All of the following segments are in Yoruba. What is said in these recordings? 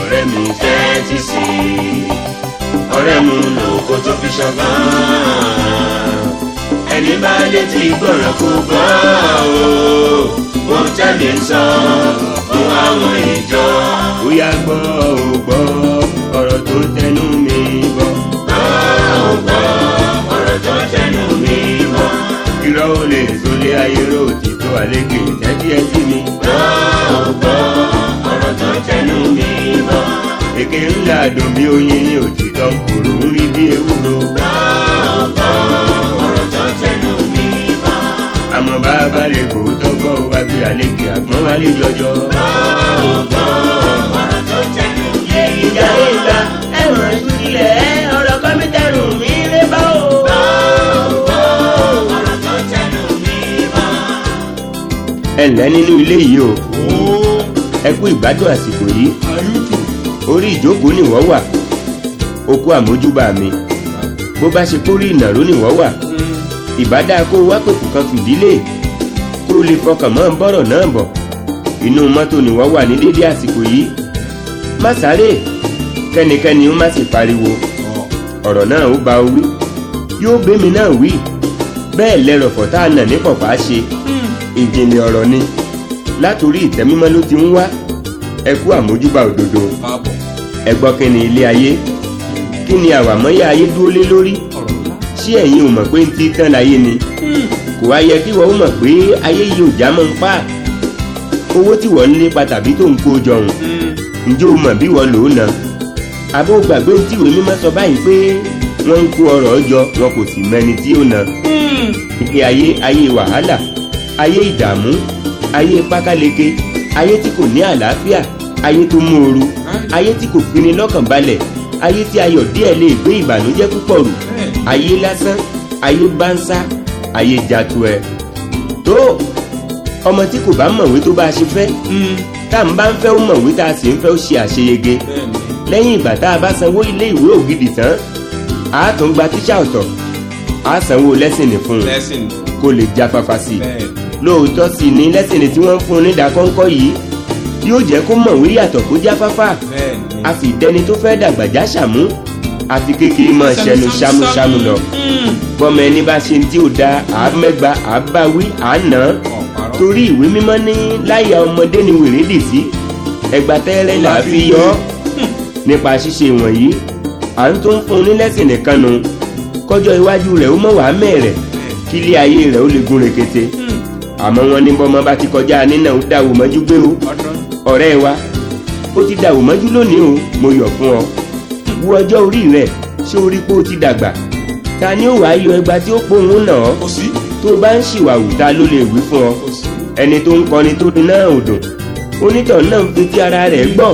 ọ̀rẹ́ mi tẹ́tí sí i ọ̀rẹ́ mu lò kó tó fi ṣọgbọ́n ẹni bá dé tí gbọ̀rọ̀ kó gbọ́ o wọ́n tẹ́lẹ̀ sọ fún àwọn ìjọ. bóyá gbọ́ ò gbọ́ ọ̀rọ̀ tó tẹnu mi bọ̀. gbọ́ ò gbọ́ ọ̀rọ̀ tó tẹnu mi bọ̀. irọ́ ò lè sólé ayé rò tí tó àlejò ìtẹ́jú ẹtí mi. gbọ́ gbọ́ yìí ń làdùn bí oyin ní òtítọ́ kòrò ń rí bí ewúro. àmọ́ bá a bá lè kó tọ́gbọ́ wa bí àlejò àgbọ̀n wa lè jọjọ. ìjà ìlà ẹ̀rọ ìsúlẹ̀ ọ̀rọ̀ kọ́mítẹ́rù mi rẹ́ bá o. ẹ̀lẹ́ nínú ilé yìí o ẹ kú ìgbádùn àsìkò yìí orí ìjókòó nìwọ wà okó àmójúbà mi bó bá ṣe kórí ìnàró nìwọ wà ìbádá kó wá pèkù kan fìdílé kó lè fọkàn mọ́ ń bọ̀rọ̀ náà bọ̀ inú mọ́tò nìwọ wà ní dédé àsìkò yìí má sáré kẹ́nikẹ́ni ó má sì pariwo ọ̀rọ̀ náà ó ba orí yóò bẹ́mi náà wí bẹ́ẹ̀ lẹ́rọ̀fọ̀ tá a nà ní pọ̀pá ṣe ìjìnlẹ̀ ọ̀rọ̀ ni látòrí ìtẹ́mímọ́ ló ti ń wá ẹ àmójúbà òdodo. ẹ gbọ́ ni ilé ayé kí ni àwàmọ́yà ayé dúró lé lórí ṣé ẹ̀yin ò mọ̀ pé ń ti tán láyé ni kò wá yẹ kí wọ́n mọ̀ pé ayé yìí ò já mọ́ ń pa owó tí wọ́n ń lépa tàbí tó ń kó jọ hùn ǹjẹ́ o mọ̀ bí wọ́n lò ó na àbó gbàgbé tí ìwé mímọ́ sọ báyìí pé wọ́n ń kó ọrọ̀ jọ wọn kò sì mẹ́ni tí ó na ìpè ayé ayé wàhálà ayé ìdààmú ayé pákáleke ayé tí kò ní àlàáfíà ayé tó mú ooru ayé tí kò pinni lọ́kàn balẹ̀ ayé tí ayọ̀ díẹ̀ lè gbé ìbànújẹ́ púpọ̀ rù ayé lásán ayé bánsá ayé jatu ẹ. tó ọmọ tí kò bá mọ̀wé tó bá a ṣe fẹ́ hmm. tá à ń bá ń fẹ́ ó mọ̀wé tá a sì ń fẹ́ ó ṣe àṣeyege lẹ́yìn ìgbà tá a bá sanwó ilé ìwé ògidì tán a tún gba tíṣà ọ̀tọ̀ a sanwó lẹ́sìnì fún un kó lè jáfáfá sí i lóòótọ́ sì ni lẹ́sìnì tí wọ́n ń fún un nídàá kọ́ńkọ́ yìí yóò jẹ́ kó mọ̀wé yàtọ̀ kó jáfáfá a fi ìtẹni tó fẹ́ dàgbà já ṣàmú àfi kékeré máa ṣẹnu ṣámúṣámú lọ hmm. bọ́mọ ẹni bá ṣe tí ò da àámẹ́gba àábáwí àánà torí ìwé mímọ́ ní láyà ọmọdé ni wèrè dì sí ẹgbà tẹ́rẹ́ là á fi yọ ọ́ nípa ṣíṣe wọ̀nyí à ń tó ń fún un ní lẹ́sìn nìkan nu kọjọ́ iwájú rẹ̀ ó mọ̀ wá mẹ́rẹ̀ kí ilé ayé rẹ̀ ó lè gún rèkété hmm. àmọ́ wọn ní bọ́mọ bá ti kọjá nínà ó dáwò mọ́jú gbé o ọ̀rẹ́ wa ó ti dàwò mọ́jú lónìí o mo yọ̀ fún ọ wo ọjọ́ orí rẹ̀ ṣé o rí pé o ti dàgbà ta ni ó wàá yọ ẹgba tí ó pohùn náà tó bá ń ṣìwàwù ta ló lè wí fún ọ ẹni tó ń kọni tó náà ò dùn onítọ̀ náà ń fetí ara rẹ̀ gbọ́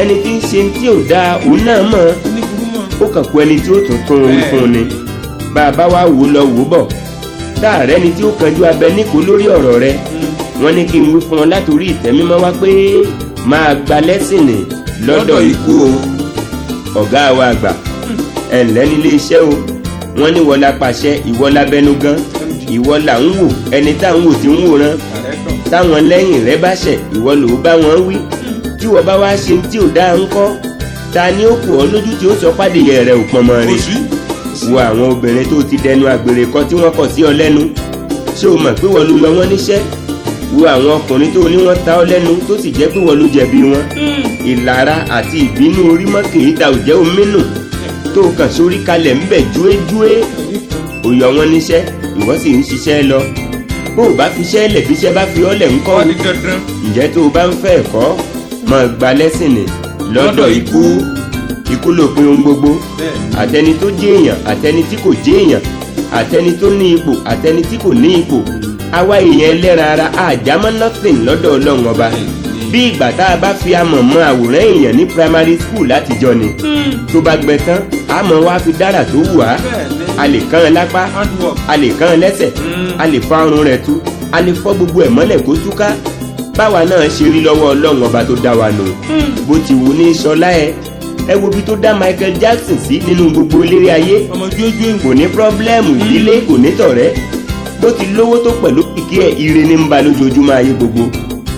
ẹni tí ń ṣe tí ò dáa òun náà mọ̀ ó kàn kú ẹni tí ó tún tún orí fún ni bàbá wa wò lọ wò bọ̀ táà rẹ́ni tí ó kanjú abẹ níkò lórí ọ̀rọ̀ rẹ̀ wọ́n ní kí n wí fún ọ láti orí ìtẹ́ mímọ́ wá pé máa gba lẹ́sìnì lọ́dọ̀ ikú o ọ̀gá wa àgbà ẹ̀ǹlẹ́ nílé iṣẹ́ o wọ́n ní wọ́n la pàṣẹ ìwọ labẹnu gan ìwọ là ń wò ẹni tá à ń wò tí ń wòran táwọn lẹ́yìn rẹ bá ṣẹ̀ ìwọ lòó bá wọn wí tí wọ́n bá wá ṣe tí ò dáa ń kọ́ ta ni ó kù ọ́ lójú tí ó sọ pàdéyẹ rẹ ò pọnmọ rẹ wo àwọn obìnrin tó ti dẹnu àgbèrè kan tí wọ́n kọ̀ sí ọ lẹ́nu ṣé o mọ̀ pé wọ́n ló yọ wọ́n níṣẹ́ wo àwọn ọkùnrin tó ní wọ́n ta ọ́ lẹ́nu tó sì jẹ́ pé wọ́n ló jẹ̀bi wọn. Hmm. ìlara àti ìbínú orí mọ́ kì í da òjẹ́ omínú tó kàn sórí kalẹ̀ ńbẹ̀ júéjúé òyò wọn níṣẹ́ ìwọ́n sì ń ṣiṣẹ́ lọ bó o bá fi iṣẹ́ lẹ̀ bí iṣẹ́ bá fi ọ́ lẹ̀ ń kọ́ o ǹjẹ́ tó o bá ń fẹ́ ẹ̀kọ́ mọ̀ gba lẹ́sìn ni lọ́dọ̀ ikú ikú lópin ohun gbogbo àtẹni tó jẹ́ èèyàn àtẹni tí kò jẹ́ èèyàn àtẹni tó ní ipò àtẹni tí kò ní ipò àwa èèyàn ẹlẹ́ran ara àjámọ́ nothing lọ́dọ̀ ọlọ́run ọba bí ìgbà tá a bá fi amọ̀ mọ àwòrán èèyàn ní primary school látijọ́ ni tó bá gbẹ tán àmọ́ wa fi dára tó wù á a lè kán an lápá a lè kán an lẹ́sẹ̀ a lè fa ọrùn rẹ̀ tú a lè fọ́ gbogbo ẹ̀ mọ́lẹ̀ kó túká báwa náà ṣe rí lọ́wọ́ ọlọ́run ọba tó dá wa nù bó ti wù ní sọlá ẹ ẹ wo bí tó dá Michael Jackson sí nínú gbogbo eléré ayé kò ní pírọ́blẹ́mù ìdílé kò ní tọ̀rẹ́ tó ti lówó tó pẹ̀lú kìkì ẹ̀ ire ní ń ba lójoojúmọ́ ayé gbogbo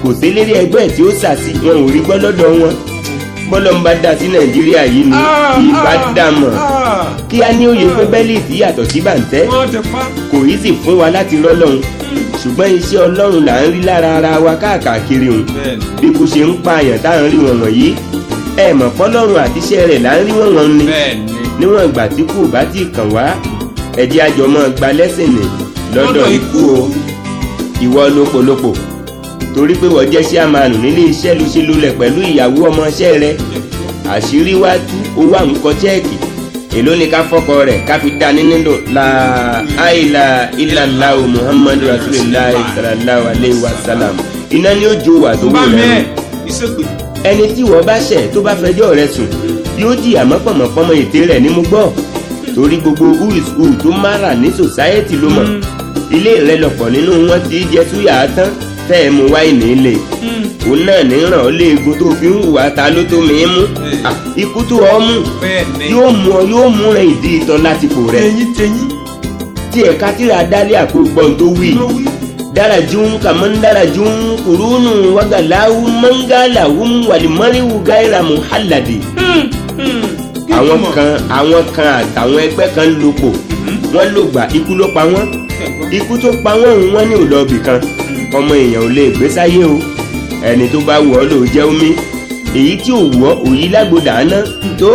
kò sélérí ẹgbẹ́ ẹ̀ tí ó sà sí wọn ò rí gbọ́ lọ́dọ̀ wọn bọ́lọ̀ ń bá dá sí nàìjíríà yìí ni ìbá dá mọ̀ kí a ní òye pé bẹ́líìtì yàtọ̀ sí bàǹtẹ́ kò í sì fún wa láti rọ́lọ́run ṣùgbọ́n iṣẹ́ ọlọ́run là ń rí lára ara wa káàkiri òun bí kò ṣe ń pa àyàn tá à ń rí wọn wọ̀nyí ẹ mọ̀ fọlọ́run àti iṣẹ́ rẹ̀ là ń rí wọn wọn ni níwọ̀n ìgbà tí kò bá ti kàn wá ẹ̀jẹ̀ àjọmọ́ gba lẹ́sìn nìyí lọ́dọ̀ ikú o ìwọ lópolópo torí pé wọ́n jẹ́ síàmánù nílé iṣẹ́ ló ṣe lulẹ̀ pẹ̀lú ìyàwó ọmọọṣẹ́ rẹ àṣírí wá tú owó àmúkọ chẹ́ẹ̀kì èló ni ká fọkọ rẹ̀ ká fi dá nínú lò la àìlà muhammadu rasulillahi sallallahu alayhi wa sallam iná ni ó jó wà tó wù lẹ́nu ẹni tí wọ́n bá ṣẹ̀ tó bá fẹjọ́ rẹ̀ sùn yóò jìyà mọ́pọ̀mọ́pọ́mọ́ ètè rẹ̀ ní mú gbọ́ torí gbogbo who tó mára ní sòsáyẹ́tì ló mọ̀. Mm ilé rẹ lọ̀pọ̀ nínú wọn ti jẹ súyà tán tẹ́ ẹ mú wáìnì lè hmm. òun náà ní ràn ọ́ léegun tó fi ń hùwà ta ló tó mi mú ikú tó ọ mú yóò mú ọ yóò mú rẹ ìdí itan lásìkò rẹ tí ẹ̀ka tíra dálé àpòpọ̀ tó wí darajun kaman darajun kurunu wagalahu mangalahum walimariwu gaira muhalladi. Hmm, hmm. àwọn kan àwọn kan àtàwọn ẹgbẹ́ kan lòpọ̀ wọ́n lògbà ikú ló pa wọ́n ikú tó pa wọ́n òun wọ́n ní òlọ́ọ̀bì kan ọmọ èèyàn ò lè gbé sáyé o ẹni tó bá wù ọ́ ló jẹ́ omi èyí tí ò wù ọ́ òyí lágbódà áná tó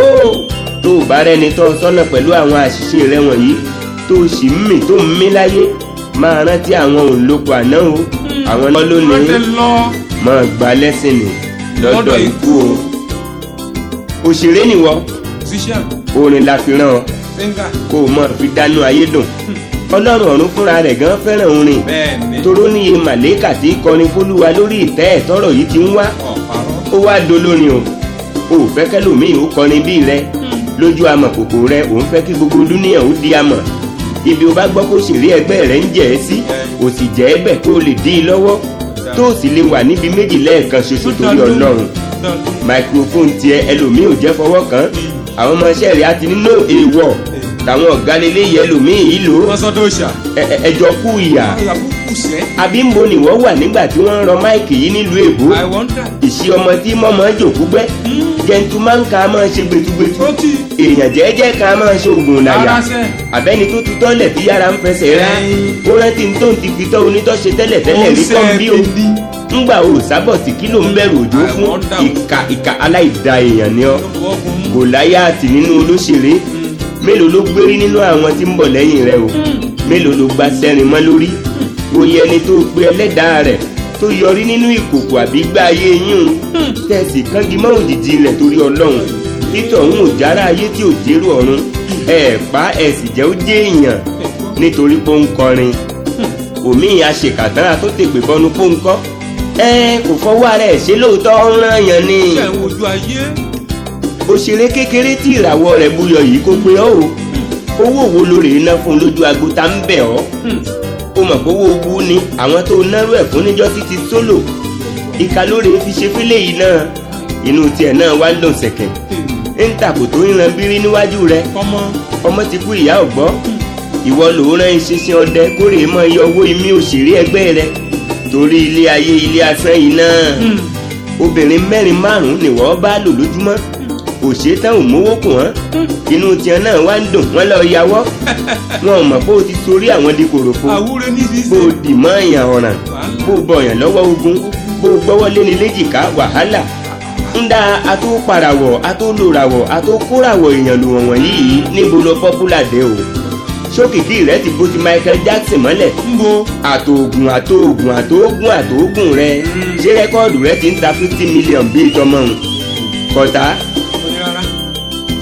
tó bá rẹni tọ́ sọ́nà pẹ̀lú àwọn àṣìṣe rẹ wọ̀nyí tó sì ń mì tó ń mí láyé máa rántí àwọn òǹlòkọ àná o àwọn náà lónìí máa gba lẹ́sìn nì lọ́dọ̀ ikú o òṣèré nìwọ orin la fi rán ọ kó o mọ̀ fi dánú ayé dùn ọlọ́run ọ̀run fúnra rẹ̀ gan fẹ́ràn orin toró níye màlẹ́kà tí kọrin fólúwa lórí ìtẹ́ ẹ̀ tọ́rọ̀ yìí ti ń wá ó wá dolórin o ò fẹ́ kẹ́lòmíì ó kọrin bíi rẹ hmm. lójú amọ̀ kòkò rẹ òun fẹ́ kí gbogbo dúníyàn ó di amọ̀ ibi o bá gbọ́ kó sì ẹgbẹ́ rẹ ń jẹ́ ẹ sí ò sì jẹ́ ẹ bẹ̀ kó o lè dín in lọ́wọ́ tó o sì lè wà níbi méjì lẹ́ẹ̀kan ṣoṣo torí ọlọ́run microphone tiẹ̀ ẹlòmíì ò jẹ́ fọwọ́ kàn án hmm àwọn ọmọ iṣẹ́ rẹ̀ á nínú èèwọ̀ tàwọn ọ̀gá lélẹ́ yẹ yìí lò ẹjọ́ kú ìyà àbí ń bo nìwọ́ wà nígbà tí wọ́n ń rọ máìkì yìí nílùú èbó ìṣí ọmọ tí mọ́mọ́ jòkú gbẹ́ hmm. gentleman ká máa ṣe gbẹtugbẹtu èèyàn jẹ́jẹ́ ká máa ṣe oògùn làyà àbẹ́ni tó ti tọ́lẹ̀ tí yàrá ń fẹsẹ̀ rán ó rántí ní tó ti fi tọ́ onítọ́ ṣe tẹ́lẹ̀ tẹ́lẹ̀ rí tọ́ o ńgbà òrùsábọ̀sì kí ló ń bẹ̀rù òjò fún ìkà ìkà aláìda èèyàn ni ọ́ gòláyàtì nínú olóṣèré mélòó ló gbérí nínú àwọn tí ń bọ̀ lẹ́yìn rẹ o mélòó ló gba sẹ́rin mọ́ lórí oyè ẹni tó pe ẹlẹ́dàá rẹ̀ tó yọrí nínú ìkòkò àbí gbá ayé yín o tẹ̀sí kángi mọ́ òjijì rẹ̀ torí ọlọ́run títọ̀ ń òjára ayé tí ò dérò ọ̀run ẹ̀ pa ẹ̀ sì jẹ́ ó jẹ́ èèyàn nítorí pé ó ń kọrin òmíì àṣekàtàn pọ́ńkọ́ ẹ kò fọwọ́ ara ẹ̀ ṣe lóòótọ́ ọ̀ràn yẹn ni. òṣèré kékeré tí ìràwọ̀ rẹ̀ buyọ̀ yìí kó pé ọ́ o owó wo ló rèé ná fún lójú aago tá ń bẹ̀ ọ́ o mọ̀ pé owó owó ni àwọn tó náró ẹ̀ fún níjọ́ títí sólò ìka lóore fi ṣe fílẹ̀ yìí náà inú tiẹ̀ náà wá lòun ṣẹ̀kẹ̀ ń tàkò tó ń ran bírí níwájú rẹ̀ ọmọ ti kú ìyá ọ̀gbọ́ ìwọ lòó rán iṣẹ́ ṣe ọdẹ kórè mọ́ iye owó imí òṣèré ẹgbẹ́ rẹ̀ torí ilé ayé ilé asán yìí náà hmm. obìnrin mẹ́rin márùn-ún nìwọ́ bá lò lójúmọ́ hmm. kò ṣe tán ò mówó kù wọ́n hmm. inú tiẹ̀ náà wá ń dùn wọ́n lọ yàwọ́ wọn ò mọ̀ bó o ti torí àwọn di kòròfo bó o dì mọ́ èèyàn ọ̀ràn bó o bọ̀yàn lọ́wọ́ ogun bó o gbọ́wọ́ léni léjìká wàhálà ńdá ató parawọ̀ ató lòràwọ̀ ató kóràwọ̀ èèyàn lò wọ̀nyí níbo lọ pọ́pùlà dé o sókìdí rẹ ti bó ti Michael Jackson mọ́lẹ̀. nbo àtòògùn àtòògùn àtòògùn àtòògùn rẹ ṣé rẹ́kọ́ọ̀dù rẹ ti ń ta fifty million bíi tọmọ òun kọta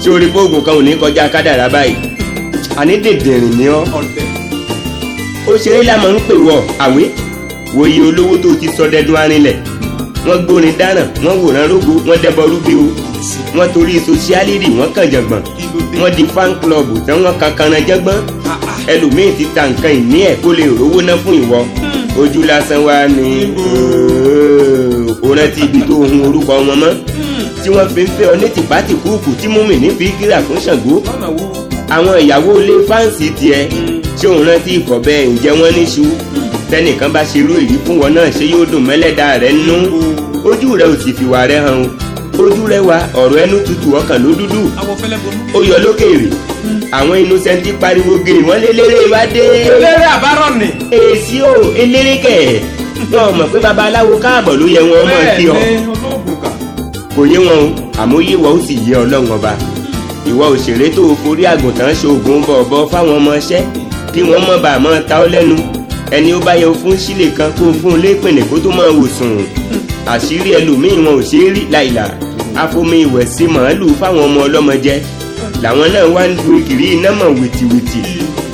ṣé orí gbóògùn kan ò ní kọjá kádàrá báyìí àní dèdèrìn ni ọ́ ó ṣeré lámọ̀ ń pè wọ́ àwé wòye olówó tó ti sọ dẹdun arinlẹ̀ wọ́n gbórin dáràn wọ́n wòran rógo wọ́n dẹbọ rúbi o wọ́n torí sosialidi wọ́n kàn jẹ̀gbọ́n wọ́n di fan club tán wọ́n kankan náà jẹ́gbọ́n ẹlòmíì ti ta nǹkan ìní ẹ̀ kó lè rówó ná fún ìwọ ojú lásán wa ni ó rántí ibi tó hun orúkọ wọn mọ́ tí wọ́n fi ń fẹ́ ọ ní tìpátì kúùkù tí múmi ní fi kíra fún Ṣàngó àwọn ìyàwó ilé fáǹsì tiẹ̀ ṣé òun rántí ìkọ̀bẹ ǹjẹ́ wọ́n níṣu tẹnìkan bá ṣerú èyí fún wọn náà ṣé yóò dùn mẹ́lẹ́dàá rẹ̀ nú ojú rẹ̀ ò sì fìwà rẹ̀ hàn o ojú rẹwà ọ̀rọ̀ ẹnu tutù ọkàn ló dúdú ó yọ lókèèrè àwọn innocent pariwo gèrè wọn lélẹ́rẹ́ wá dé. eléré àbárọ̀ ni. èsì o eléré kẹ̀ wọn mọ̀ pé babaláwo káàbọ̀ ló yẹ wọn mọ̀ sí ọ. kò yé wọn o àmọ́ yé wọn ó sì yé ọlọ́run ọba ìwọ òṣèré tó o forí àgùntàn ṣoògùn bọ̀ọ̀bọ̀ fáwọn ọmọ iṣẹ́ kí wọ́n mọ̀ bá a mọ̀ ta ọ́ lẹ́nu ẹni ó bá yẹ fún sílè kan kó fún un lépìnlẹ̀ kó tó máa wò sùn àṣírí ẹlòmíì wọn ò ṣeé rí láìláà afomi ìwẹ̀sí màálù fáwọn ọmọ ọlọ́mọ jẹ làwọn náà wá ń du ìkìrí iná mọ̀ wìtìwìtì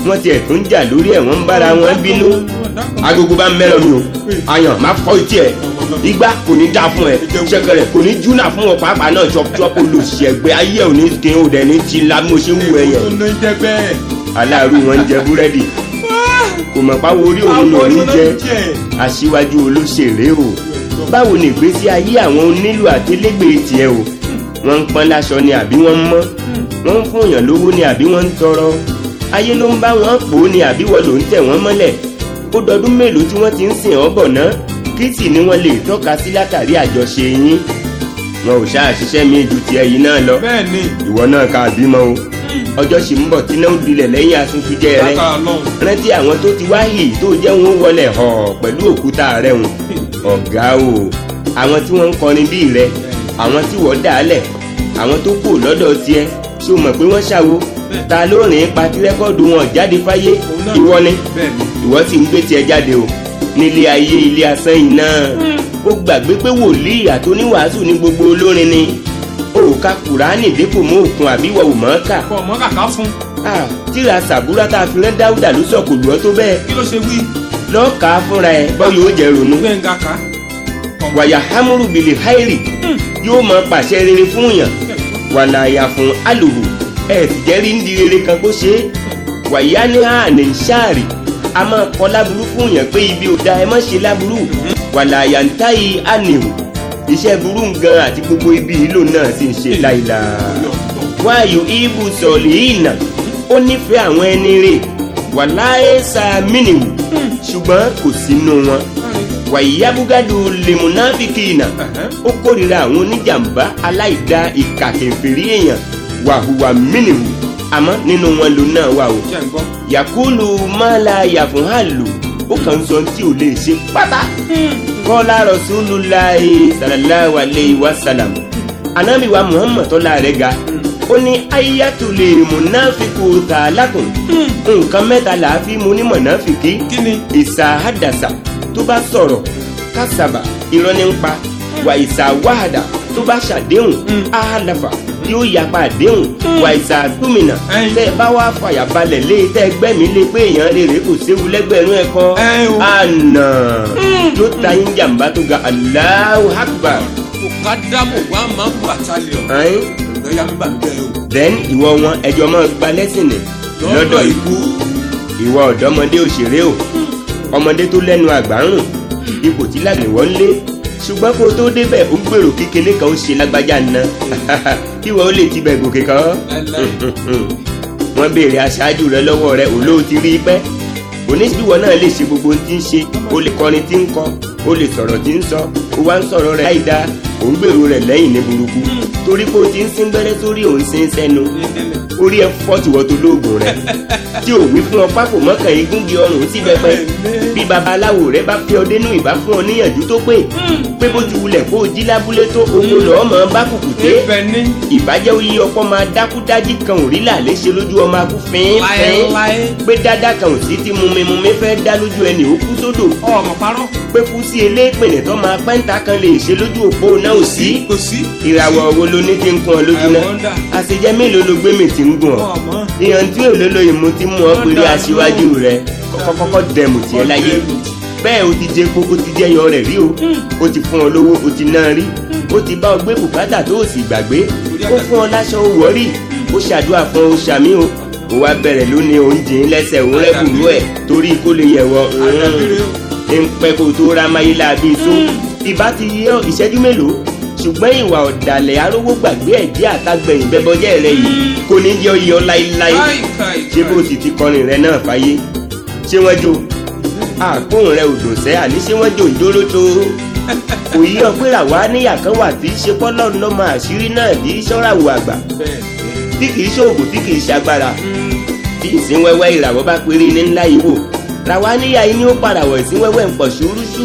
wọ́n tiẹ̀ tún jà lórí ẹ̀ wọ́n ń bára wọn bínú agogo bá ń mẹ́rọ mi o ayàn má fọ́ etí ẹ̀ igba kò ní dáa fún ẹ ṣẹ̀kẹ̀rẹ̀ kò ní júnà fún ọ pàápàá náà chọpọchọpọ olùṣègbè ayé ò ní dín òdẹ ní ti la mo ṣe wù ẹ yẹn aláàrú wọn ń jẹ búrẹ́dì kò mọ̀ pá wo orí òun lòún jẹ aṣíwájú olóṣèré o báwo ni ìgbésí ayé àwọn onílù àtẹlẹgbẹ tiẹ̀ o wọ́n ń pọ́n láṣọ ni àbí wọ́n ń mọ́ wọ́n ń fòyàn lówó ni àbí wọ́n ń tọrọ ayé ló ń bá wọn pò ó ni àbí wọ́n ló ń tẹ̀ wọ́n mọ́lẹ̀ ó dọdún mélòó tí wọ́n ti ń sìn ọ́ bọ̀ ná kí sì ni wọ́n lè tọ́ka sí látàrí àjọṣe yín wọn ò ṣáà ṣiṣẹ́ mi ju tiẹ̀ yìí náà lọ ìwọ náà ká àbímọ o hmm. ọjọ́ sì ń bọ̀ tí náà dilẹ̀ lẹ́yìn asunfijẹ rẹ rántí àwọn tó ti wáyé tó jẹ́ wọn wọlé hàn pẹ̀lú òkúta rẹ̀ hùn hmm ọ̀gá o àwọn tí wọ́n ń kọrin bíi rẹ àwọn tí wọ́n dà á lẹ̀ àwọn tó kù lọ́dọ̀ tiẹ̀ ṣé o mọ̀ pé wọ́n ṣàwo ta ló rìn pa tí rẹ́kọ́ọ̀dù wọn jáde fáyé ìwọ ni ìwọ sì ń gbé tiẹ̀ jáde o nílé ayé ilé asán yìí náà ó gbàgbé pé wòlíì àtòníwàásù ní gbogbo olórin ni òòka kùránì dépò mọ́ òkun àbíwọ ò mọ̀ ọ́ kà. kò mọ́ kàkà fún. tíra sàbúrà tá a fi rán dáúdà ló sọ̀kò lù ọ́ tó bẹ́ẹ̀. kí ló ṣe wí lọ́ọ́ kà á fúnra ẹ̀ bọ́yì ó jẹ́ ronú. gbẹ̀ngà ká. wàyà hamuru bìlì hairi yóò máa pàṣẹ rere fún yàn wàlà àyà fún alòwò ẹ̀ jẹ́rí ń di rere kan kó ṣe é wàyà ní àná ìṣáàrì a máa kọ láburú fún yàn pé ibi ò da ẹ má ṣe láburú wàlà àyà ń táyì ànìwò iṣẹ́ burú gan àti gbogbo ibi ìlò náà ti ń ṣe láìláà. wáyò ibùsọ̀lì ìnà ó nífẹ̀ẹ́ àwọn ẹni rè wàláyé sàmínìwò ṣùgbọ́n kò sínú wọn wàyíyá búgádù lèmúnáfíkì iná ó kórìíra àwọn oníjàmbá aláìda ìkà kẹfìrí èèyàn wàhùwà mínìhù àmọ́ nínú wọn ló náà wà o yàkúlù mọ́lá yàfùnhálù ó kàn ń sọ tí ò lè ṣe pátá kọ́lá rọ̀ṣúlù láì sàlàláwà lè wà sàlàmù anábìwá muhammad tọ́lá rẹ̀ ga ó ní ayatollah munafiku tààlàkùn hmm. nǹkan mẹ́ta là á fi mu ní mọ̀nàfìkì ìsàhádàsà tó bá sọ̀rọ̀ kásàbà irọ́ ní ń pa hmm. wà ìsàwáhàdà tó bá ṣàdéhùn áhàlàfà hmm. yóò yapa àdéhùn wà ìsàtúmìnà tẹ ẹ bá wàá fàyà balẹ̀ lé tẹ ẹgbẹ́ mi lé pé èèyàn lè rè kò séwu lẹ́gbẹ̀rún ẹ̀kọ́ àná yóò ta yín jàǹbá tó ga Allahu Akbar. kò ká dáàbò wá máa ń bàtà lè ọ then ìwọ wọn ẹjọ máa gba lẹ́sìnì lọ́dọ̀ ikú ìwọ ọ̀dọ́mọdé òṣèré o ọmọdé tó lẹ́nu àgbárùn ipò tí làgbèwọ́ ń lé ṣùgbọ́n kó tó débẹ̀ ó gbèrò kékeré kan ó ṣe lágbájá ná kíwọ ó lè tibẹ̀ gòkè kan wọ́n béèrè aṣáájú rẹ lọ́wọ́ rẹ olóòtú rí pẹ́ oníṣíwọ náà lè ṣe gbogbo ohun tí ń ṣe o lè kọrin tí ń kọ o lè sọ̀rọ̀ tí ń sọ o wá ń sọ̀rọ̀ rẹ láì dáa ò ń gbèrò rẹ̀ lẹ́yìn ní burúkú hmm. torí pé o ti ń sín bẹ́rẹ́ sórí òun sí ń sẹ́nu orí ẹ fọ́ tìwọ́ tó lóògùn rẹ̀ tí ò wí fún ọ pákó mọ́kàn igúngi ọrùn tí bẹ́pẹ́ bí babaláwo rẹ bá pé ọ ìbá fún ọ níyànjú tó pé hmm. pé bójú wulẹ̀ kó o jí lábúlé tó owó lọ́ọ́ mọ́ bá kùkù dé ìbàjẹ́ oyè ọkọ máa dákú dájí kan ò rí làlé ṣe lójú ọmọ akú fín fín pé dáadáa kan ò sí ti mumimumi fẹ́ dá lójú ẹni ó kú sódò pé kú sí eléèpẹ̀lẹ̀ tó máa pẹ́ńtà kan lè ṣe lójú òpó náà ò sí ìràwọ̀ wo ló ní tí ń kún ọ lójú náà àṣejẹ mélòó ló gbé mi tí ń gùn ọ oh, ìyàn tí ò lólo ìmú tí mú ọ péré aṣíwájú rẹ kọ́kọ́kọ́ dẹ̀mù tiẹ̀ láyé bẹ́ẹ̀ o ti jẹ epo o ti jẹyọ rẹ̀ rí o hmm. o ti fún ọ lówó o ti náà rí hmm. o ti bá ọ gbé bùkátà tó o sì gbàgbé ó fún ọ láṣọ o wọ̀ rí ó ṣàdúrà fún o ṣàmì o ó wá bẹ̀rẹ̀ lónìí oúnjẹ lẹ́sẹ̀ òun rẹ̀ bùnú ìbá ti yẹ ìṣẹ́jú mélòó ṣùgbọ́n ìwà ọ̀dàlẹ̀ arówó gbàgbé ẹ̀dí àtàgbẹ̀yìn bẹ́bọjẹ́ rẹ yìí kò ní yọ iyọ̀ láíláí ṣé bó sì ti kọrin rẹ náà fáyé ṣé wọ́n jó àpòun rẹ ò dùn sẹ́ àní ṣé wọ́n jó ìjó lóto kò yí ọ pé ràwa níyà kan wà tí ṣe pọ́lọ́ ń àṣírí náà ní sọ́ràwọ̀ àgbà tí kìí ṣoògùn tí kìí ṣagbára bí ìsínwẹ́wẹ́ ìràwọ̀ bá péré ní ńlá yìí wò Rawaniya yìí ni ó padà wẹ̀ sí wẹ́wẹ́ nǹkan ṣúrúṣù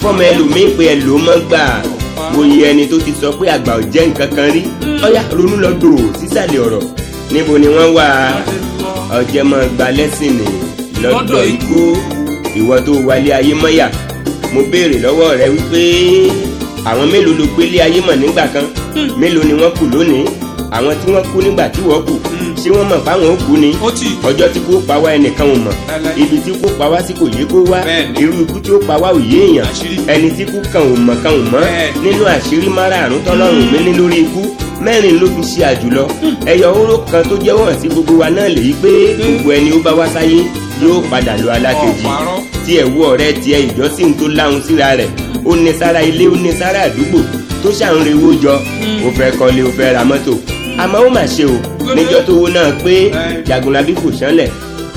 fọmọ ẹlòmíín pé ẹ ló mọ́ gbà mo yẹ ẹni tó ti sọ pé àgbà ò jẹ́ nǹkan kan rí ọ̀yá ronú lọ dòrò sísàlẹ̀ ọ̀rọ̀ níbo ni wọ́n wà ọ̀jẹ̀mọ̀ gba lẹ́sìn ní lọ́dọ̀ igbó ìwọ tó wálé ayé mọ́yà mo béèrè lọ́wọ́ rẹ wípé àwọn mélòó ló gbélé ayé mọ̀ nígbà kan hmm. mélòó ni wọ́n kù lónìí àwọn tí wọ́n kú nígbà tí wọ́n kú hmm. ṣé wọ́n mọ̀ fáwọn ó kú ni ọjọ́ tí kò pa wá ẹnìkan ò mọ̀ ibi tí kò pa wá sí kò yé kó wá irú ikú tí ó pa wá ò yé èèyàn ẹni tí kú kan ò mọ̀ kan ò mọ̀ nínú àṣírí márààrún tọ́lọ́run mi hmm. ní lórí ikú mẹ́rin ló fi ṣe àjùlọ hmm. ẹyọ oró kan tó jẹ́wọ́ sí gbogbo wa náà lèyí pé gbogbo ẹni ó bá wá sáyé yóò padà lọ alákejì tí ẹ̀wú ọ̀rẹ́ tiẹ̀ ìjọsìn tó láhùn síra rẹ̀ ó ní sára ilé ó ní sára àdúgbò tó ṣàǹrewó jọ ó fẹ́ kọ́lé ó fẹ́ ra mọ́tò àmọ́ ó mà ṣe o níjọ́ tó wo náà pé Jagunlabi kò ṣánlẹ̀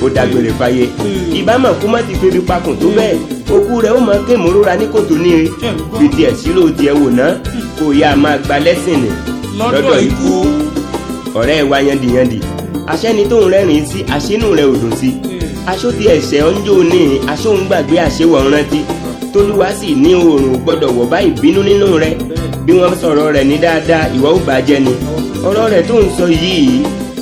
ó dágbére fáyé ìbámu kó má ti febi pakùn tó bẹ́ẹ̀ òkú rẹ̀ ó mọ kémòróra ní kòtò níire fi tiẹ̀ sílò tiẹ̀ wò ná kó yá máa gba lẹ́sìn ni lọ́dọ̀ ikú ọ̀rẹ́ wa yandiyandi aṣẹ́ni tó ń rẹ́rìn sí aṣínú rẹ̀ ò sí aṣó ti ẹ̀ṣẹ̀ ọ̀njọ́ ní aṣó ń gbàgbé àṣewọ̀ rántí tolúwa sì ní oòrùn gbọ́dọ̀ wọ̀ bá ìbínú nínú rẹ̀ bí wọ́n sọ̀rọ̀ rẹ̀ ní dáadáa ìwọ ò bàjẹ́ ni ọ̀rọ̀ rẹ̀ tó ń sọ yìí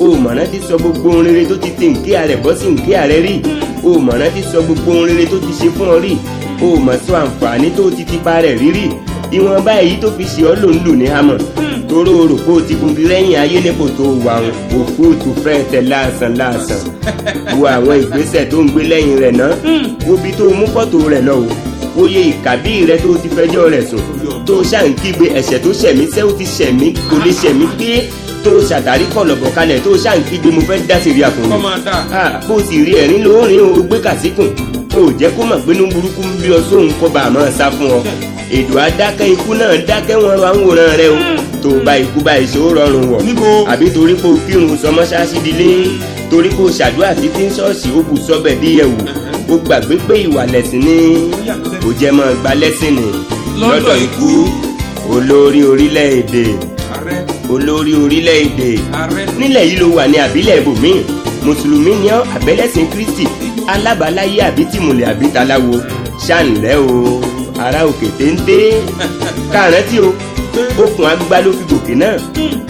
o mọ̀nà ti sọ gbogbo ohun rere tó ti tẹ̀ nkí ààrẹ bọ́ sí nkí ààrẹ rí o mọ̀nà ti sọ gbogbo ohun rere tó ti ṣe fún ọ rí o mọ̀ sọ àǹfààní tó ti ti parẹ̀ rírì ìwọ̀nba èyí tó fi ṣe ọ́ ló ń lù ní hamọ̀ toró o rò pé o ti gungi lẹ́yìn ayé nípò tó wà ń òkú òtún fẹ́ẹ̀tẹ̀ láàsán láàsán wo àwọn ìgbésẹ̀ tó ń gbé lẹ́yìn rẹ̀ náà wo bí tó mú fọ́tò rẹ̀ lọ oyè ìkàbí rẹ tó ti fẹjọ́ rẹ̀ sùn tó ṣàǹkígbe ẹ̀ṣẹ̀ tó ṣẹ̀mí ṣé ti ṣẹ̀mí kò lè ṣẹ̀mí gbé tó ṣàtàrí kọ̀lọ̀bọ̀ kalẹ̀ tó ṣàǹkígbe mo fẹ́ dá sí rí àkùnrin bó sì rí ẹ̀rín lóorin o gbé kàsíkùn o jẹ́ kó mọ̀ pé ní burúkú ń bí ọ sóhun kọ́ bá a máa sá fún ọ èdò adákẹ́ ikú náà dákẹ́ wọn wá ń wòran rẹ o tó bá ikú bá ìṣòro rọrùn wọ̀ àbí torí pé o kírun sọmọ́ṣáṣí dilé torí pé ṣàdúrà títí ń ṣọ́ọ̀ṣì ó bù sọ́bẹ̀ bí ẹ̀wù ó gbàgbé pé ìwà lẹ̀sìn ni ó jẹ́ mọ́ gba lẹ́sìn ni lọ́dọ̀ ikú olórí orílẹ̀-èdè olórí orílẹ̀-èdè nílẹ̀ yìí ló wà ní àbílẹ̀ ibòmíì mùsùlùmí ni ọ́ àbẹ́lẹ́sìn kristi alábàáláyé àbí tìmùlẹ̀ àbí taláwo ṣàǹlẹ́ o ará òkè téńté kàrántí o okùn agbá ló fi gòkè náà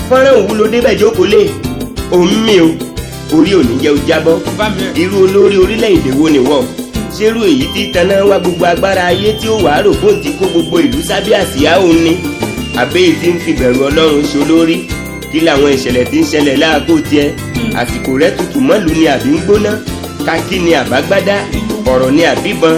fọ́nrán òwú ló débẹ̀ jókòó lé òun mi o orí ò ní jẹ́ o jábọ́ irú olórí orílẹ̀-èdè wo ni wọ́n ṣerú èyí tí taná wá gbogbo agbára ayé tí ó wàá rò bó ti kó gbogbo ìlú sábẹ́ àsíá òun ni àbẹ́yẹ tí ń fi bẹ̀rù ọlọ́run ṣolórí kí làwọn ìṣẹ̀lẹ̀ tí ń ṣẹlẹ̀ láàgó tiẹ̀ hmm. àsìkò rẹ̀ tutù mọ́lù ni àbí ń gbóná kakí ni àbágbádá ọ̀rọ̀ ni àbíbọn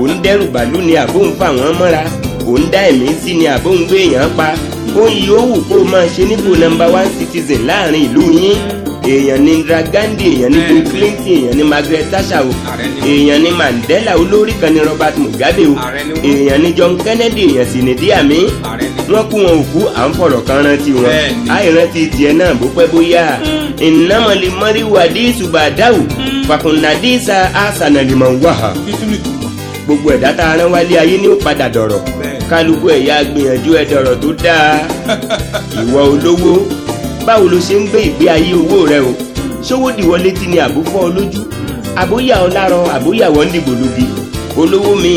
òun dẹ́rù bàlú ni àbó ń fà wọ́n mọ́ra òun dá ẹ̀mí sí ni àbó ń gbé èèyàn pa ó ń yí ó wù kó máa ṣe nípò nọ́mbà one citizen láàrin ìlú yín èèyàn ní Indira Gandhi èèyàn ní Bill Clinton èèyàn ní Margaret Thatcher o èèyàn ní Mandela olórí kan ní Robert Mugabe o èèyàn ní John Kennedy èèyàn sì ní díà mí wọn kú wọn òkú à ń fọ̀rọ̀ kan rántí wọn àìrántí tiẹ̀ náà bó pẹ́ bóyá hmm. ìnámọ̀lì mọ́rí wàdí ìṣùbàdáwù hmm. fàkùnàdísà àṣànàlìmọ̀ wàhà gbogbo ẹ̀dá tá a rán wálé ayé ní ó padà dọ̀rọ̀ kálukú ẹ̀yà gbìyànjú ẹ̀ tó dáa ìwọ olówó báwo ló ṣe ń gbé ìgbé ayé owó rẹ o ṣówó dìwọ́ létí ni àbúfọ́ olójú àbóyá ọlárọ àbóyá wọn dìbò lóbi olówó mi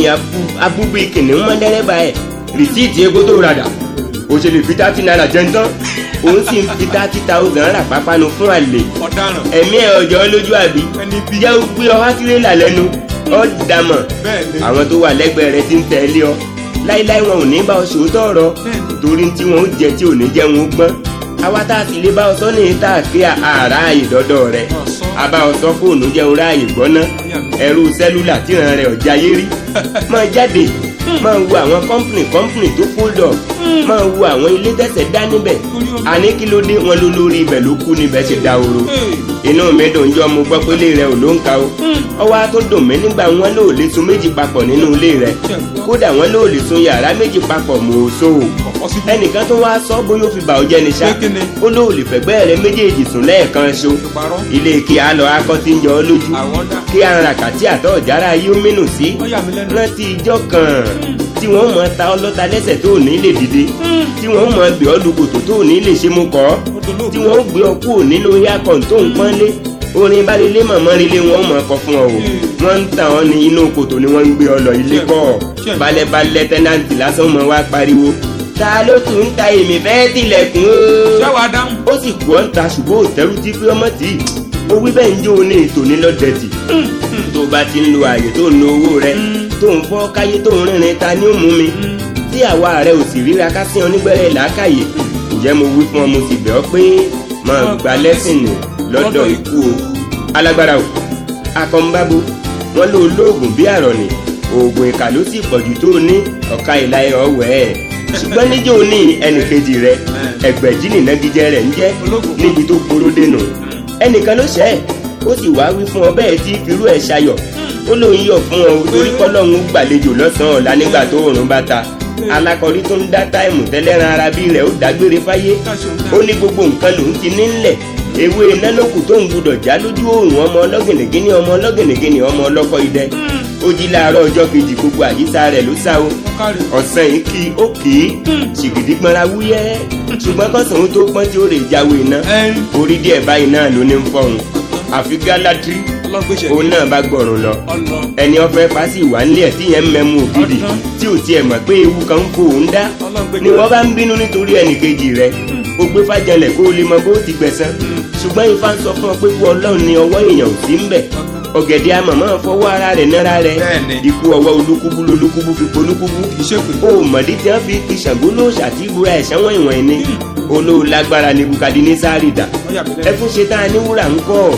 abúgbé kìnìún mọ́ dẹ́rẹ́bà ẹ̀ rìsíìtì egbó tó radà o ṣe lè fi ti naira jẹun tán òun sì ń fi thirty thousand rà pápánu fún àlè ẹ̀mí ẹ̀ ọ̀jọ́ lójú àbí jẹ́ ó gbé ọ hákírélà lẹ́nu ọ́ dàmọ̀ àwọn tó wà lẹ́gbẹ̀ẹ́ rẹ ti ń tẹ̀lé ọ láíláí wọn ò ní bá ọ ṣòótọ́ ọ̀rọ̀ torí tí wọn ó jẹ tí ò ní jẹ́ ó gbọ́n àwa tá a sì lè bá ọ sọ ní ìta àti àrà ìdọ́dọ̀ rẹ àbá ọ sọ fóònù jẹ́ orí ààyè gbọ́ná ẹ̀rú sẹ́lúlà tíran rẹ̀ ọ̀jáyé rí máa jáde máa wo àwọn kọ́ńpìnì kọ́ńpìnì tó fold up máa wo àwọn ilé tẹ̀sẹ̀ dá níbẹ̀ àní kí ló dé wọn ló lórí ibẹ̀ ló kú níbẹ̀ ṣe dá oró inú mi dùn jọ mo gbọ́ pé ilé rẹ ò ló ń ka o ọwọ́ tó dùn mí nígbà wọn ló lè sun méjì papọ̀ nínú ilé rẹ kódà wọn ló lè sun yàrá méjì papọ̀ mò ó so ẹnìkan tó wá sọ bóyá ó fi bà ó jẹ́ ni ṣá ó ló lè fẹ̀gbẹ́ rẹ méjèèjì sùn lẹ́ẹ̀kan ṣo ilé kí a lọ akọ ti ń yọ ọ lójú kí a ràn kàtí àtọ̀ ọ̀jára yóò mínú sí rántí ijọ́ kan tí wọ́n mọ̀ ta ọlọ́ta lẹ́sẹ̀ tó ní lè dìde hmm. tí wọ́n mọ̀ gbé ọ́ lùkòtò tó ní lè ṣe mú kọ́ tí wọ́n gbé ọ kúrò nínú yàkọ̀ tó ń pọ́nlé orin balẹ̀lé mọ̀mọ́ relé wọn mọ̀ ọkọ̀ fún ọ o hmm. wọ́n ń tàn ọ́ ní inú kòtò ni wọ́n ń gbé ọ lọ ilé kọ́ ọ balẹ̀balẹ̀ tẹ́nàntì lásán mọ̀ wá pariwo ta ló tún ń ta èmi fẹ́ẹ́ tilẹ̀kùn o ó sì kú ọ́ ń ta ṣùgbọ́n òtẹ́rù tí pé ọmọ tì í ó wí bẹ́ẹ̀ ń jó ní ètò nílọ́dẹ̀ẹ́tì hmm. tó bá ti ń lo ààyè tó ń lo owó rẹ̀ tó ń fọ́ káyé tó ń rìnrìn ta ni ó mú mi tí àwa rẹ ò sì ríra ká sí onígbẹ́rẹ́ làákàyè ǹjẹ́ mo wí fún ọ mo sì bẹ̀ ọ́ pé máa gba lẹ́sìn nì lọ́dọ̀ ikú o alágbára o akọ́nbábo wọ́n lò lóògùn bí àrọ̀ nì oògùn ìkà ló sì pọ̀jù tó ní ọ̀ka ìlà ẹ̀họ́ wẹ̀ ẹ́ ṣùgbọ́n níjó ní ẹnìkejì rẹ ẹgbẹ̀jì nìnagijẹ rẹ̀ ń jẹ́ níbi tó gbóró dénú ẹnìkan ló ṣẹ́ ó sì wá wí fún ọ bẹ́ẹ̀ tí irú ẹ̀ ṣayọ̀ ó lóun yọ̀ fún ọ torí kọ́lọ́hún gbàlejò lọ́sàn-án ọ̀la nígbà tó òòrùn bá ta alakọ̀rí tó ń dá táìmù tẹ́lẹ́ran ara bí rẹ̀ ó dágbére fáyé ó ní gbogbo nǹkan lòún ti ní ńlẹ̀ ewé iná lókù tó ń gbúdọ̀ já lójú òòrùn ọmọ ọlọ́gìnìgìnì ọmọ ọlọ́gìnìgìnì ọmọ ọlọ́kọ̀ idẹ hmm. ó jí láàárọ̀ ọjọ́ kejì gbogbo àyíká rẹ̀ ló sá o ọ̀sán yìí kí ó kì í hmm. ṣìgìdì gbọ́nra wúyẹ́ hmm. ṣùgbọ́n kọ́sàn-án tó pọ́n tí ó rè jáwé iná orí díẹ̀ báyìí náà ló ní ń fọ́hùn àfi gálátì òun náà bá gbọ̀rùn lọ ẹni ọ̀fẹ́ fásì wà nílé ẹ̀ tí yẹn ń mẹ́mu ògidì tí ò tiẹ̀ mọ̀ pé ewu kan kó òun dá ni wọ́n bá ń bínú nítorí ẹnìkejì rẹ̀ o hmm. gbé fàjẹlẹ̀ kó o lè mọ bó o ti gbẹ̀san hmm. ṣùgbọ́n ifá sọ fún ọ pé kú ọlọ́run ni ọwọ́ èèyàn ò sí ń bẹ̀ ọ̀gẹ̀dẹ̀ amọ̀mọ́ fọwọ́ ara rẹ̀ nára rẹ̀ ikú ọwọ́ olúkúbú lolúkúbú fi polúkúbú o mọ̀dí tí wọ́n fi ti ṣàgbólóṣà tí ibùra ẹ̀ṣẹ̀ wọ̀nyí wọ̀nyí ni hmm olóòlágbára nebukadinesari dà ẹkún ṣe tá a ní wúrà ń kọ́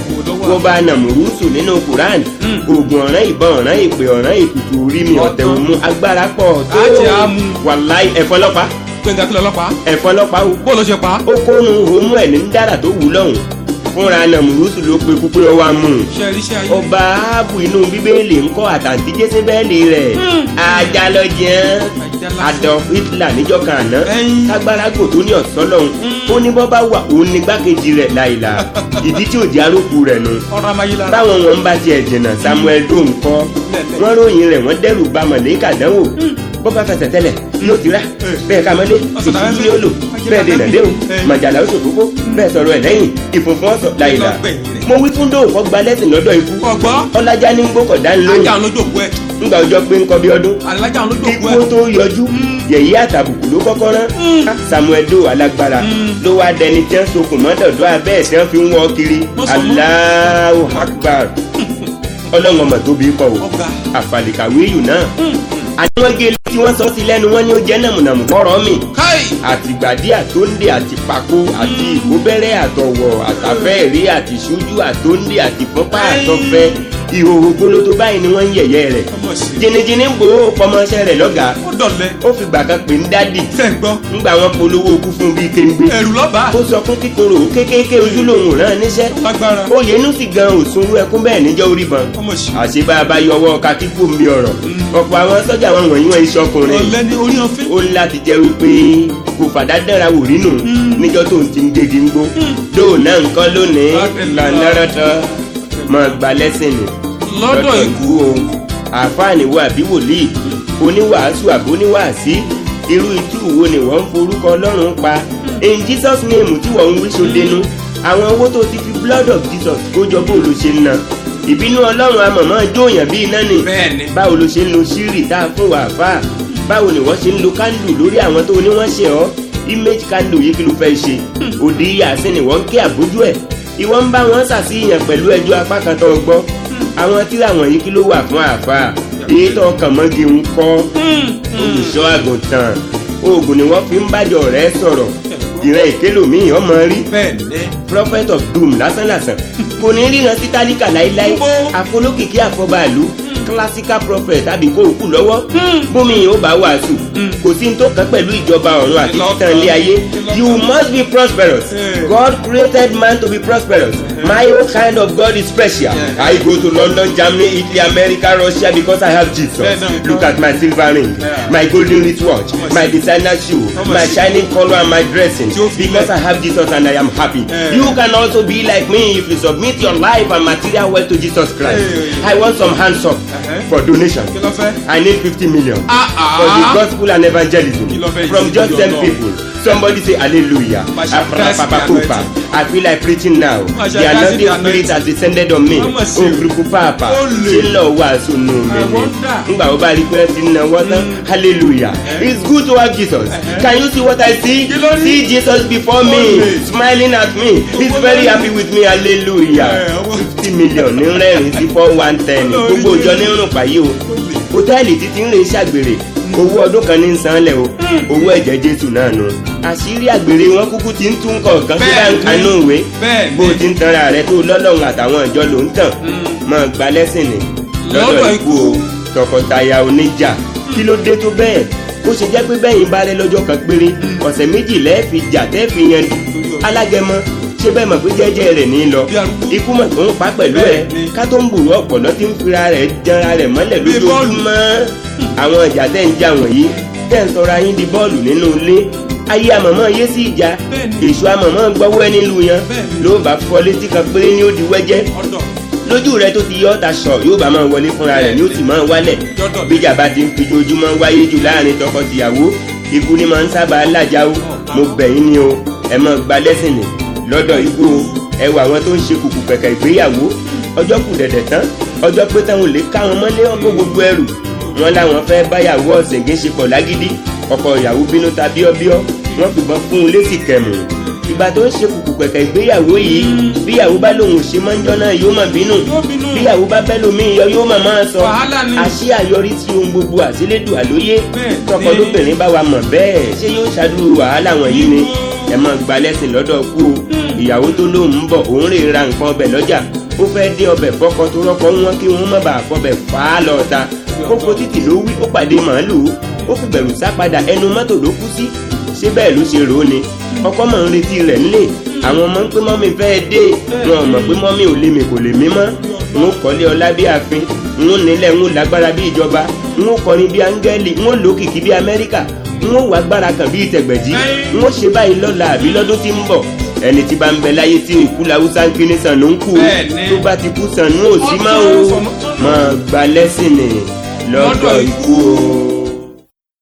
wọ́n bá nàmúrúsù nínú quran oògùn hmm. ọ̀ràn ìbọn ọ̀ràn ìpè ọ̀ràn ìtùtù orí mi ọ̀tẹ̀ òmu agbára pọ̀ tó wàláì ẹ̀fọ́lọ́pàá. gbẹ̀ngà kí lọ́lọ́pàá. ẹ̀fọ́lọ́pàá o. bó ló ṣe pa. ó kónú òun mú ẹ̀ ní dára tó wù lọ́hùn fúnra nàmúrúsù ló pe kú pé ó wá mú un ọba ààbò inú bíbélì ń kọ́ àtàntí jésébẹ́ẹ̀lì rẹ̀ hmm. ajalọ́jẹ́ Adolf Hitler níjọ́ kan àná tágbára kò tó ní ọ̀sán lọ́hùn hmm. ó ní bọ́bá wà òun ní gbákejì rẹ̀ láìla ìdí tí òjì arókù rẹ̀ nu báwọn wọn bá tiẹ̀ jìnnà Samuel tó ń kọ́ wọ́n ròyìn rẹ̀ wọ́n dẹ́rù ba mọ̀lẹ́kà dánwò hmm. bọ́bá fẹsẹ̀ tẹ́lẹ̀ ló ti rá bẹ́ẹ̀ ká mọ́lé èyí yóò lò bẹ́ẹ̀ lè lẹ́lẹ́ o màjàlá ó ṣòfófó bẹ́ẹ̀ sọ̀rọ̀ ẹ̀ lẹ́yìn ìfòfó ọ̀sọ̀ làyìnlá mo wí fún dóòkọ́ gba lẹ́sìn lọ́dọ̀ ikú ọlájà ní gbókọ̀ dánilóyìn nígbà ọjọ́ pé ń bí ọdún kíkó tó yọjú hmm. yẹ̀yí àtàbùkù ló kọ́kọ́ rán hmm. Samuel Doe alágbára hmm. ló wá dẹni tí wọ́n sokùn mọ́tọ̀dọ́ abẹ́ tí wọ́n fi ń wọ́ Akbar ọlọ́run ọmọ tóbi kọ o àfàlìkàwé yìí àníwọ́gé ilé tí wọ́n sọ sí lẹ́nu wọn ni ó jẹ́ nàmùnàmù kọ́rọ̀ mi. àtìgbàdíà tó ń àti pako àti ìkóbẹ́rẹ́ àtọ̀wọ̀ àtàfẹ́ àti ṣojú àtóńdè àti fọ́pá àtọ́fẹ́ ìhòòhò gbólótó báyìí ni wọ́n ń yẹ̀yẹ́ rẹ̀ jìnnìjìnnì ń gbowó pọmọṣẹ́ rẹ̀ lọ́gàá ó fi gbàgán pè ń dádì ńgbà wọn polówó okú fún bíi kéńgbé ó sọ fún kíkorò kékeré ojú lòun rán níṣẹ́ oyè inú sì gan òsùnwó ẹkún bẹ́ẹ̀ níjọ́ orí ban àṣebá abayọwọ́ katikú mi ọ̀rọ̀ hmm. ọ̀pọ̀ àwọn sọ́jà wọn wọ̀nyí wọn iṣẹ́ ọkùnrin ó láti jẹ́ wípé kò fàdá dára wò rínú hmm. níjọ́ tó ń ti ń máa gba lẹ́sìnì lọ́dọ̀ ìkú òun àfáàní wo àbí wòlíì oníwàásù àbí oníwàásí irú itú wo ni wọ́n ń forúkọ ọlọ́run pa in Jesus name tí wọ́n ń wíṣọ lẹ́nu àwọn owó tó ti fi blood of Jesus kó jọ bó ló ṣe ń na ìbínú ọlọ́run amọ̀mọ́ jóòyàn bíi iná ni báwo ló ṣe ń lo ṣírì tá a fún wàhálà báwo ni wọ́n ṣe ń lo kándù lórí àwọn tó ní wọ́n ṣe ọ́ image kándù yìí kí ló fẹ́ ṣe hmm. òdì yàtí ni wọ́n ń kí àbójú ẹ̀ ìwọ ń bá wọn ṣàṣìyàn pẹ̀lú ẹjọ́ apá kan tó gbọ́ àwọn tíra wọ̀nyí kí ló wà fún àfa èyí tó kàn mọ́gi ń kọ́ olùṣọ́ àgùntàn oògùn ni wọ́n fi ń bájọ rẹ̀ sọ̀rọ̀ ìran ìkélòmíì ọmọ rí prophet of doom lásánlàsàn kò ní ríran sí tálíkà láéláé àfolókìkí àfọbàlú classical prophet àbí kó o kù lọ́wọ́ hmm. bómi ò bá wàásù hmm. kò sí tó kàn pẹ̀lú ìjọba ọ̀run àti títàn ilé ayé you must be prosperous hmm. God created man to be prosperous my own kind of God is special I go to London Germany Italy America Russia because I have Jesus look at my silver ring my golden wristwatch my designer shoe my shining colour and my dressing because I have Jesus and I am happy you can also be like me if you submit your life and material wealth to Jesus Christ I want some hands up. -huh. for donation i need fifty million uh -uh. for the ah. gospel and evangelism from just ten people Somebody say hallelujah. I feel like preaching now. The anointing spirit has descended on me. Ògùrùkù pàápàá ṣe ń oh, lọ wàásù nù mí ni. Ngbà wo bá rí ti nà wọ́n mm. Hallelujah. Eh? It's good to have Jesus. Eh? Can you see what I see? See Jesus before me, smiling at me. He's very happy with me. Hallelujah. Eh, Fifty million ní rẹ́rìn-ín sí four one ten. Gbogbo òjò ní rùn pàyé o. Hòtẹ́ẹ̀lì títí ń rè ṣàgbèrè owó ọdún kan ní sanlẹ̀ o hmm. owó ẹ̀jẹ̀ jésù náà nù àṣírí àgbèrè wọn kúkú ti ń tún kọ̀ọ̀kan sí àánú ìwé bó o ti ń tanra rẹ tó lọ́lọ́run àtàwọn ìjọ ló ń tàn hmm. mọ̀ gba lẹ́sìn ni lọ́dọ̀ ikú o tọkọtaya oníjà hmm. kí ló dé tó bẹ́ẹ̀ ó ṣe jẹ́ pé bẹ́yìn bá rẹ lọ́jọ́ kan péré ọ̀sẹ̀ méjì lẹ́ẹ̀fi jà tẹ́ẹ̀fi yẹn alágẹmọ ṣé bẹ́ẹ̀ mọ̀ pé jẹ́jẹ́ rẹ̀ ní lọ ikú mọ̀ tó ń pa pẹ̀lú ẹ̀ ká tó ń bùrù ọ̀pọ̀lọ́ tí ń fira rẹ̀ janra rẹ̀ mọ́lẹ̀ lójoojúmọ́ àwọn ìjà tẹ́ ń jà wọ̀nyí tẹ́ ń sọra yín di bọ́ọ̀lù nínú ilé ayé àmọ̀mọ́ yé sí ìjà èṣù àmọ̀mọ́ gbọ́wọ́ ẹni lu yan ló bá fọ létí kan péré ní ó di wẹ́jẹ́ lójú rẹ tó ti yọ ọ́ sọ yóò bá máa wọlé fúnra rẹ̀ ni ó sì máa wálẹ̀ bíjà bá ti ń fi wáyé jù láàrin tọkọ ikú ni máa ń sábà lájà o mo bẹ̀ ni o ẹ máa gba lẹ́sìn nìyí lọ́dọ̀ igbó ẹ wo àwọn tó ń ṣe kùkù pẹ̀kẹ̀ ìgbéyàwó ọjọ́ kù dẹ̀dẹ̀ tán ọjọ́ pé táwọn lè ká wọn mọ́lé ọkọ̀ gbogbo ẹrù wọn láwọn fẹ́ báyàwó ọ̀sẹ̀gé ṣe pọ̀ lágídí ọkọ ìyàwó bínú ta bíọ́bíọ́ wọn fìbọn fún un létí kẹmù ìgbà tó ń ṣe kùkù pẹ̀kẹ̀ ìgbéyàwó yìí bíyàwó bá lòun ṣe máa ń jọ́nà yóò máa bínú bíyàwó bá bẹ́ lómi yọ yóò máa máa sọ àṣé àyọrí tí ohun gbogbo àtìlédùn àlóyé tọkọ bá wa mọ̀ bẹ́ẹ̀ ṣé yóò ṣàdúró wàhálà wọ̀nyí ni ẹ máa gba lẹ́sìn lọ́dọ̀ kú o hmm. ìyàwó tó lóun ń bọ̀ òun rè ra nǹkan ọbẹ̀ lọ́jà ó fẹ́ dé ọbẹ̀ fọkọ tó rọ́kọ wọn kí wọ́n má bàa fọbẹ̀ fà á lọ ta kókó títì ló wí ó pàdé màálùú ó fi bẹ̀rù sá padà ẹnu mọ́tò ló kú sí ṣé bẹ́ẹ̀ ló ṣe rò ó ni ọkọ mọ̀ ń retí rẹ̀ nílé àwọn ọmọ ń pé mọ́mí fẹ́ dé wọn mọ̀ pé mọ́mí ò lè mí kò lè mí mọ́ n ó kọ́lé ọlá bí àfin n ó nílẹ̀ n ó lágbára bí ìjọba n ó kọrin bí áńgẹ́lì n ó lókìkí bí Amẹ́ríkà n ó wá gbára kan bíi tẹ̀gbẹ̀dí n ó ṣe báyìí lọ́la àbí lọ́dún tí ń bọ̀ ẹni tí bá ń bẹ láyé tí ìkú làwùsá ń kíni sàn ló ń kú tó bá ti kú sàn ní òsínmáwò máa gba lẹ́sìn ní lọ́dọ̀ ikú o.